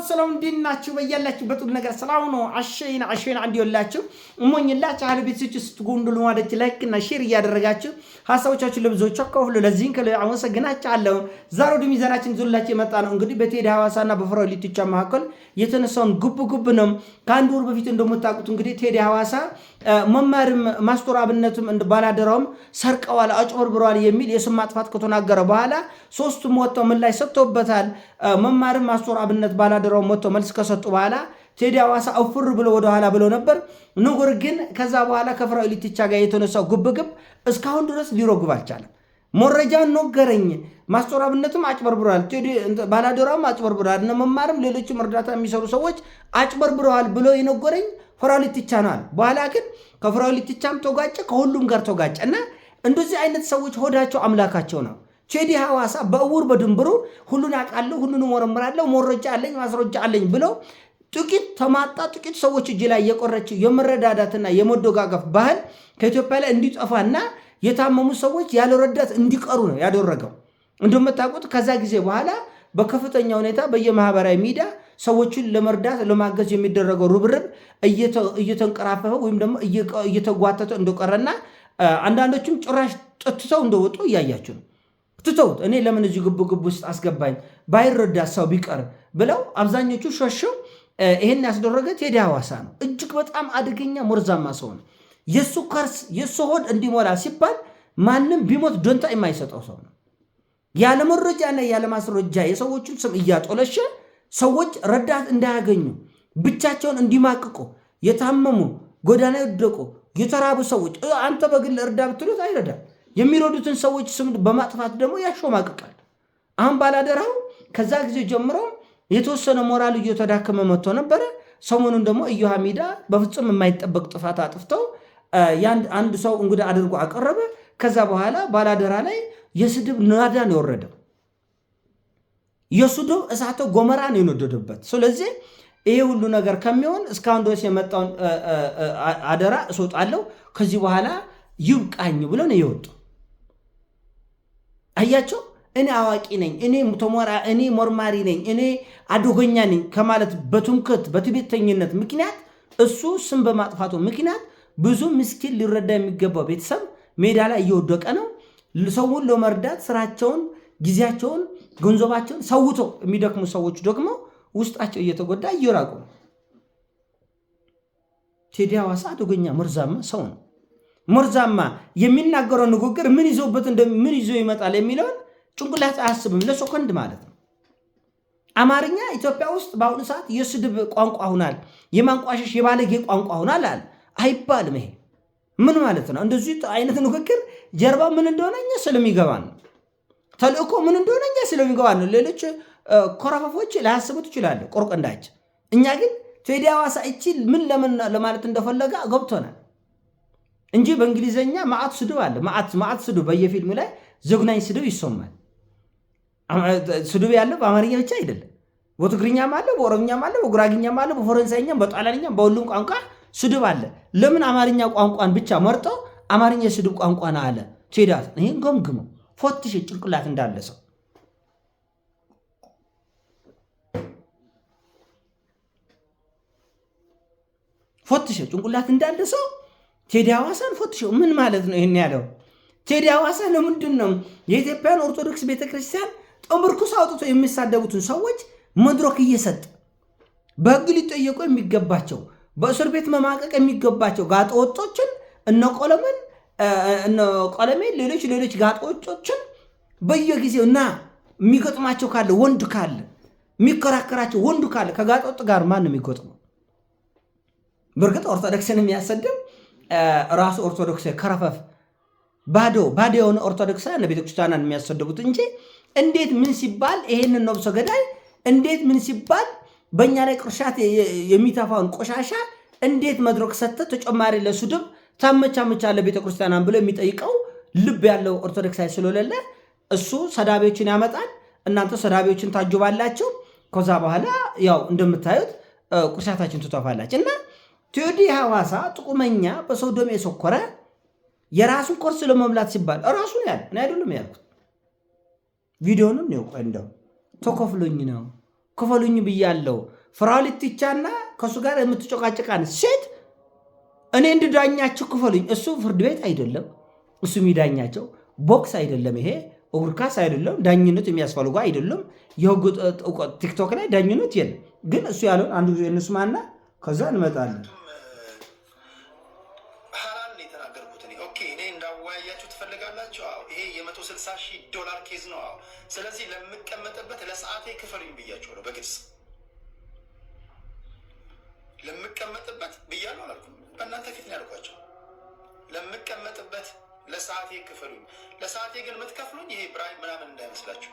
ሰላም ሰላም፣ እንዴት ናችሁ? በያላችሁበት ሁሉ ነገር ሰላም ነው። አሸይን አሸይን አንድ ይወላችሁ እሞኝላችሁ አህል ቤቶች ስትጎንዱ ለማለት ላይክ እና ሼር እያደረጋችሁ ሀሳቦቻችሁ ለብዙዎች አካፍሉ። ለዚህን ከለ አመሰግናችኋለሁ። ዛሬ ወደ ሚዛናችን ዞላችሁ የመጣ ነው እንግዲህ በቴዲ እና በፍራኦል ሊትቻ መካከል የተነሳውን ጉብ ጉብ ነው። ከአንድ ወር በፊት እንደምታውቁት እንግዲህ ቴዲ ሀዋሳ መማርም ማስተራብነቱም እንደ ባላደራውም ሰርቀዋል፣ አጭበርብረዋል የሚል የስም ማጥፋት ከተናገረ በኋላ ሶስቱም ወጥተው ምላሽ ሰጥተውበታል። መማርም አብነት ባላደራ ወታደራው መጥቶ መልስ ከሰጡ በኋላ ቴዲ አዋሳ አፍር ብሎ ወደኋላ ብሎ ነበር። ንጉር ግን ከዛ በኋላ ከፍራዊ ልትቻ ጋር የተነሳው ግብግብ እስካሁን ድረስ ሊሮግብ አልቻለም። መረጃ ነገረኝ፣ ማስጦራብነትም አጭበርብረዋል፣ ባላዶራም አጭበርብረዋል፣ እነ መማርም ሌሎችም እርዳታ የሚሰሩ ሰዎች አጭበርብረዋል ብሎ የነገረኝ ፍራዊ ልትቻ ነው አለ። በኋላ ግን ከፍራዊ ልትቻም ተጋጨ፣ ከሁሉም ጋር ተጋጨ እና እንደዚህ አይነት ሰዎች ሆዳቸው አምላካቸው ነው። ቼዲ ሐዋሳ በእውር በድንብሩ ሁሉን አውቃለሁ፣ ሁሉን እመረምራለሁ፣ መረጃ አለኝ፣ ማስረጃ አለኝ ብለው ጥቂት ተማጣ ጥቂት ሰዎች እጅ ላይ የቆረች የመረዳዳትና የመደጋገፍ ባህል ከኢትዮጵያ ላይ እንዲጠፋና የታመሙ ሰዎች ያለ ረዳት እንዲቀሩ ነው ያደረገው። እንደምታውቁት ከዛ ጊዜ በኋላ በከፍተኛ ሁኔታ በየማህበራዊ ሚዲያ ሰዎችን ለመርዳት ለማገዝ የሚደረገው ርብርብ እየተንቀራፈፈ ወይም ደግሞ እየተጓተተ እንደቀረና አንዳንዶችም ጭራሽ ጠትተው እንደወጡ እያያችሁ ነው። ትተውት እኔ ለምን እዚህ ግቡ ውስጥ አስገባኝ ባይረዳ ሰው ቢቀር ብለው አብዛኞቹ ሸሸው። ይሄን ያስደረገ ቴዲ ሐዋሳ ነው። እጅግ በጣም አደገኛ ሞርዛማ ሰው ነው። የእሱ ከርስ የእሱ ሆድ እንዲሞላ ሲባል ማንም ቢሞት ዶንታ የማይሰጠው ሰው ነው። ያለ መረጃና የሰዎችን ስም እያጦለሸ ሰዎች ረዳት እንዳያገኙ ብቻቸውን እንዲማቅቁ የታመሙ ጎዳና የወደቁ የተራቡ ሰዎች አንተ በግል እርዳ ብትሉት አይረዳም። የሚረዱትን ሰዎች ስም በማጥፋት ደግሞ ያሾማቅቃል። አሁን ባላደራው ከዛ ጊዜ ጀምሮ የተወሰነ ሞራል እየተዳከመ መጥቶ ነበረ። ሰሞኑን ደግሞ እዮሃ ሚዳ በፍጹም የማይጠበቅ ጥፋት አጥፍተው አንድ ሰው እንግዳ አድርጎ አቀረበ። ከዛ በኋላ ባላደራ ላይ የስድብ ናዳ ነው የወረደው። የሱዶም እሳተ ጎመራ ነው የነደደበት። ስለዚህ ይሄ ሁሉ ነገር ከሚሆን እስካሁን ድረስ የመጣውን አደራ እሰጣለሁ ከዚህ በኋላ ይብቃኝ ብሎ ነው የወጡ። አያቸው። እኔ አዋቂ ነኝ፣ እኔ ተሞራ፣ እኔ ሞርማሪ ነኝ፣ እኔ አደገኛ ነኝ ከማለት በትምክህት በትቤተኝነት ምክንያት እሱ ስም በማጥፋቱ ምክንያት ብዙ ምስኪን ሊረዳ የሚገባው ቤተሰብ ሜዳ ላይ እየወደቀ ነው። ሰውን ለመርዳት ስራቸውን፣ ጊዜያቸውን፣ ገንዘባቸውን ሰውቶ የሚደክሙ ሰዎች ደግሞ ውስጣቸው እየተጎዳ እየራቁ ነው። ቴዲ ሐዋሳ አደገኛ መርዛማ ሰው ነው። ሞርዛማ የሚናገረው ንግግር ምን ይዞበት ምን ይዞ ይመጣል የሚለውን ጭንቅላት አያስብም፣ ለሰኮንድ ማለት ነው። አማርኛ ኢትዮጵያ ውስጥ በአሁኑ ሰዓት የስድብ ቋንቋ ሁናል፣ የማንቋሸሽ የባለጌ ቋንቋ ሁናል አለ አይባልም። ይሄ ምን ማለት ነው? እንደዚህ አይነት ንግግር ጀርባ ምን እንደሆነ እኛ ስለሚገባ ነው። ተልእኮ ምን እንደሆነ እኛ ስለሚገባ ነው። ሌሎች ኮረፈፎች ላያስቡት ይችላሉ፣ ቆርቀንዳች። እኛ ግን ቴዲ አዋሳ ምን ለምን ለማለት እንደፈለገ ገብቶናል። እንጂ በእንግሊዘኛ ማአት ስድብ አለ። ማዓት ማዓት ስድብ በየፊልሙ ላይ ዘግናኝ ስድብ ይሰማል። ስድብ ያለው በአማርኛ ብቻ አይደለም። በትግርኛም አለ፣ በኦሮምኛም አለ፣ በጉራግኛም አለ፣ በፈረንሳይኛም፣ በጣሊያንኛም በሁሉም ቋንቋ ስድብ አለ። ለምን አማርኛ ቋንቋን ብቻ መርጠው አማርኛ የስድብ ቋንቋ አለ ቴዳት። ይህን ገምግመው ፎትሽ ጭንቅላት እንዳለ ሰው ፎትሽ ጭንቅላት እንዳለ ሰው ቴዲ ሐዋሳን ፈትሸው ምን ማለት ነው ይህን ያለው? ቴዲ ሐዋሳ ለምንድን ነው የኢትዮጵያን ኦርቶዶክስ ቤተክርስቲያን ጥምርኩስ አውጥቶ የሚሳደቡትን ሰዎች መድረክ እየሰጠ በህግ ሊጠየቁ የሚገባቸው በእስር ቤት መማቀቅ የሚገባቸው ጋጠወጦችን እነ እነ ቆለሜን ሌሎች ሌሎች ጋጠወጦችን በየጊዜው እና የሚገጥማቸው ካለ ወንድ ካለ የሚከራከራቸው ወንዱ ካለ ከጋጠወጥ ጋር ማን ነው የሚገጥመው? በእርግጥ ኦርቶዶክስን የሚያሰድም ራሱ ኦርቶዶክስ ከረፈፍ ባዶ ባዶ የሆነ ኦርቶዶክሳን ቤተክርስቲያንን የሚያሰደቡት እንጂ እንዴት ምን ሲባል ይሄንን ነብሶ ገዳይ እንዴት ምን ሲባል በእኛ ላይ ቅርሻት የሚተፋውን ቆሻሻ እንዴት መድረክ ሰጥተህ ተጨማሪ ለሱድብ ታመቻመቻለህ ቤተክርስቲያናን ብሎ የሚጠይቀው ልብ ያለው ኦርቶዶክሳዊ ስለሌለ እሱ ሰዳቢዎችን ያመጣል። እናንተ ሰዳቢዎችን ታጅባላችሁ። ከዛ በኋላ ያው እንደምታዩት ቁርሳታችን ትተፋላችሁ እና ቴዎዲ ሐዋሳ ጥቁመኛ በሰዶም የሰኮረ የራሱን ቁርስ ለመብላት ሲባል ራሱን ያለ እኔ አይደለም ያልኩት። ቪዲዮንም ነው እንደው ተከፍሎኝ ነው ክፈሉኝ ብያለው። ፍራውሊት ከእሱ ጋር የምትጨቃጨቃን ሴት እኔ እንድዳኛቸው ክፈሉኝ። እሱ ፍርድ ቤት አይደለም እሱ የሚዳኛቸው ቦክስ አይደለም ይሄ እግር ኳስ አይደለም። ዳኝነት የሚያስፈልጉ አይደለም። የህግ ቲክቶክ ላይ ዳኝነት የለም። ግን እሱ ያለውን አንዱ እነሱ ማና ከዛ እንመጣለን። ይሄ የመቶ ስልሳ ሺህ ዶላር ኬዝ ነው። አዎ። ስለዚህ ለምቀመጥበት ለሰዓቴ ክፈሉኝ ብያቸው ነው በግልጽ ለምቀመጥበት ብያለሁ አላልኩም። በእናንተ ፊት ነው ያልኳቸው። ለምቀመጥበት ለሰዓቴ ክፈሉኝ። ለሰዓቴ ግን የምትከፍሉኝ ይሄ ብራይ ምናምን እንዳይመስላችሁ።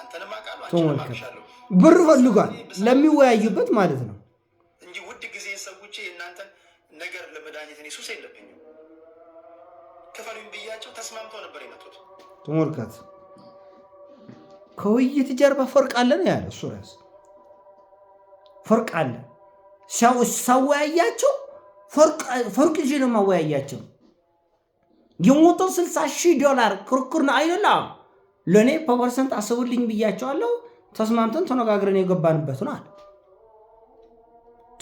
አንተንም አውቃለሁ፣ አንቺንም አውቅሻለሁ። ብር ፈልጓል ለሚወያዩበት ማለት ነው እንጂ ውድ ጊዜ ሰውቼ የእናንተን ነገር ለመድኃኒት እኔ ሱስ የለብኝም። ክፈሉኝ ብያቸው ተስማምተው ነበር የመጡት። ተመልከት፣ ከውይይት ጀርባ ፈርቅ አለ ነው ያለ እሱ ራስ ፈርቅ አለ ሳወያያቸው ፈርቅ ይዤ ነው ማወያያቸው። የሞተው 60 ሺህ ዶላር ክርክር ነው አይደላ? ለእኔ በፐርሰንት አስቡልኝ ብያቸዋለሁ። ተስማምተን ተነጋግረን የገባንበት ነው አለ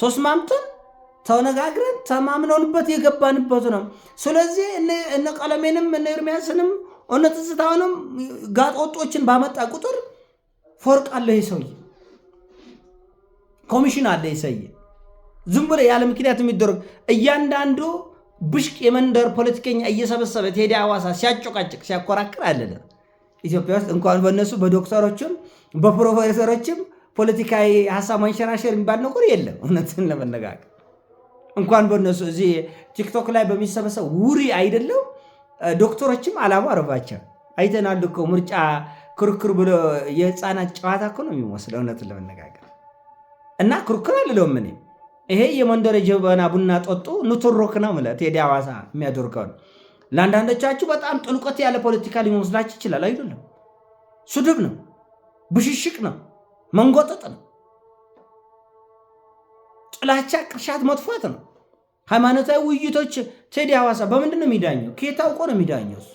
ተስማምተን ተነጋግረን ተማምነንበት የገባንበት ነው። ስለዚህ እነ ቀለሜንም እነ ኤርሚያስንም እነ ትዝታውንም ጋጦጦችን ባመጣ ቁጥር ፎርቅ አለ ይሰውይ ኮሚሽን አለ ሰውዬ። ዝም ብሎ ያለ ምክንያት የሚደረግ እያንዳንዱ ብሽቅ የመንደር ፖለቲከኛ እየሰበሰበ ቴዲ አዋሳ ሲያጮቃጭቅ ሲያኮራክር አለ ኢትዮጵያ ውስጥ እንኳን በእነሱ በዶክተሮችም በፕሮፌሰሮችም ፖለቲካዊ ሀሳብ ማንሸራሸር የሚባል ነገር የለም እውነትን ለመነጋገር እንኳን በነሱ እዚህ ቲክቶክ ላይ በሚሰበሰብ ውሪ አይደለም ዶክተሮችም አላማ አረባቸው አይተናል እኮ ምርጫ ክርክር ብሎ የህፃናት ጨዋታ እኮ ነው የሚመስለው እውነትን ለመነጋገር እና ክርክር አልለውም እኔ ይሄ የመንደር ጀበና ቡና ጠጡ ንትሮክ ነው የምልህ ቴዲ ሐዋሳ የሚያደርገውን ለአንዳንዶቻችሁ በጣም ጥልቀት ያለ ፖለቲካ ሊመስላችሁ ይችላል አይደለም ስድብ ነው ብሽሽቅ ነው መንጎጠጥ ነው ጥላቻ ቅርሻት መጥፋት ነው። ሃይማኖታዊ ውይይቶች ቴዲ ሐዋሳ በምንድን ነው የሚዳኘው? ከየት አውቆ ነው የሚዳኘው? እሱ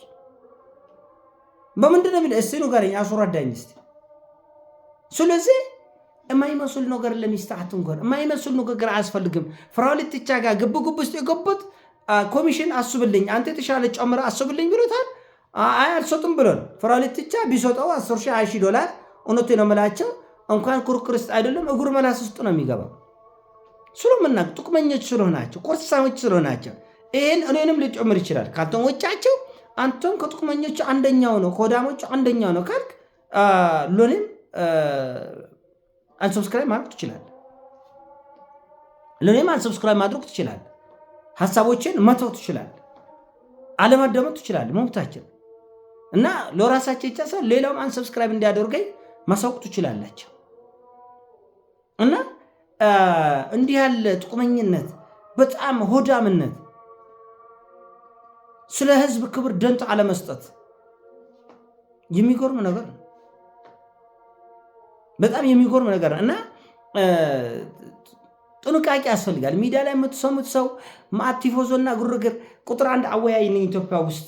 በምንድን ነው የሚዳ? ጋር ንገረኝ፣ አስረዳኝ ስ ስለዚህ የማይመስል ነገር ለሚስት አትንገር፣ የማይመስል ንግግር አያስፈልግም። ፍራው ልትቻ ጋር ግብ ግብ ውስጥ የገቡት ኮሚሽን አስብልኝ፣ አንተ የተሻለ ጨምረ አስብልኝ ብሎታል። አይ አልሰጡም ብሎ ነው ፍራው ልትቻ ቢሰጠው አስር ሺህ ሀያ ሺህ ዶላር እውነቱ ነው የምላቸው እንኳን ክርክር ውስጥ አይደለም እጉር መላስ ውስጡ ነው የሚገባው። ስለምና ጥቅመኞች ስለሆናቸው ኮሳዎች ስለሆናቸው ይህን እኔንም ሊጨምር ይችላል። ከአንተም ወጫቸው አንተም ከጥቅመኞቹ አንደኛው ነው፣ ከወዳሞቹ አንደኛው ነው ካልክ ሎኔም አንሰብስክራይብ ማድረግ ትችላል። ሎኔም አንሰብስክራይብ ማድረግ ትችላል። ሀሳቦችን መተው ትችላል። አለማዳመጥ ትችላል። መብታችን እና ለራሳቸው ይቻሳል። ሌላውም አንሰብስክራይብ እንዲያደርገኝ ማሳወቅ ትችላላቸው እና እንዲህ ያለ ጥቁመኝነት፣ በጣም ሆዳምነት፣ ስለ ህዝብ ክብር ደንታ አለመስጠት የሚጎርም ነገር ነው። በጣም የሚጎርም ነገር እና ጥንቃቄ ያስፈልጋል። ሚዲያ ላይ የምትሰሙት ሰው ማቲፎዞ እና ግርግር ቁጥር አንድ አወያይ ነኝ ኢትዮጵያ ውስጥ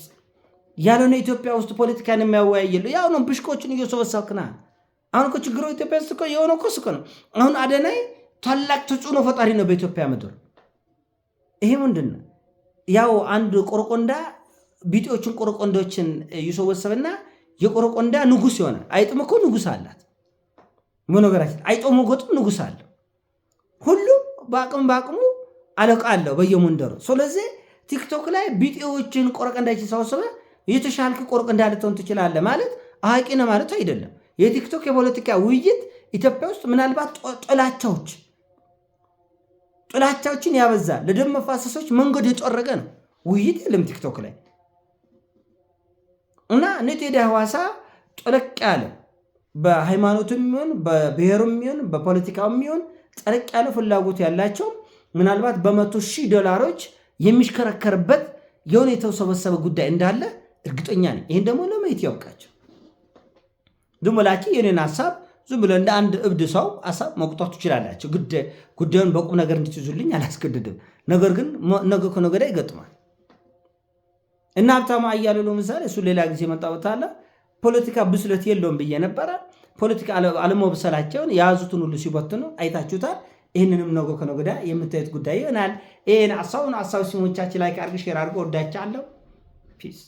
ያልሆነ ኢትዮጵያ ውስጥ ፖለቲካን የሚያወያይ የለ። ያው ነው ብሽቆችን እየሰበሰብክና አሁን እኮ ችግሮ ኢትዮጵያ ውስጥ የሆነ እኮ ነው። አሁን አደናይ ታላቅ ተጽዕኖ ፈጣሪ ነው በኢትዮጵያ ምድር። ይሄ ምንድን ነው? ያው አንድ ቆረቆንዳ ቢጤዎችን ቆረቆንዶችን ይሰወሰብና የቆረቆንዳ ንጉስ ይሆናል። አይጥም እኮ ንጉስ አላት። በነገራችን አይጦ ሞገጡም ንጉስ አለው። ሁሉም በአቅም በአቅሙ አለቃ አለው በየመንደሩ። ስለዚህ ቲክቶክ ላይ ቢጤዎችን ቆረቆንዳችን ሰወሰበ የተሻልክ ቆረቆንዳ ልትሆን ትችላለህ ማለት አዋቂ ነው ማለት አይደለም። የቲክቶክ የፖለቲካ ውይይት ኢትዮጵያ ውስጥ ምናልባት ጥላቻዎች ጥላቻዎችን ያበዛ ለደም መፋሰሶች መንገድ የጠረገ ነው። ውይይት የለም ቲክቶክ ላይ እና ኔቴዲ ሐዋሳ ጠለቅ ያለ በሃይማኖትም ይሁን በብሔሩም ይሁን በፖለቲካውም ይሁን ጠለቅ ያለ ፍላጎት ያላቸው ምናልባት በመቶ ሺህ ዶላሮች የሚሽከረከርበት የሆነ የተሰበሰበ ጉዳይ እንዳለ እርግጠኛ ነኝ። ይህን ደግሞ ለማየት ያውቃቸው ዝም ብላችሁ የኔን ሀሳብ ዝም ብሎ እንደ አንድ እብድ ሰው ሀሳብ መቁጠር ትችላላቸው። ጉዳዩን በቁም ነገር እንድትይዙልኝ አላስገድድም። ነገር ግን ነገ ከነገ ይገጥማል እና ሀብታሙ አያሌው ለምሳሌ እሱ ሌላ ጊዜ መጣወታለ ፖለቲካ ብስለት የለውም ብዬ ነበረ። ፖለቲካ አለመብሰላቸውን የያዙትን ሁሉ ሲበትኑ አይታችሁታል። ይህንንም ነገ ከነገ የምታዩት ጉዳይ ይሆናል። ይህን አሳውን አሳብ ሲሞቻችን ላይ ከአርግ ሼር አድርገ ወዳቻ አለው ፒስ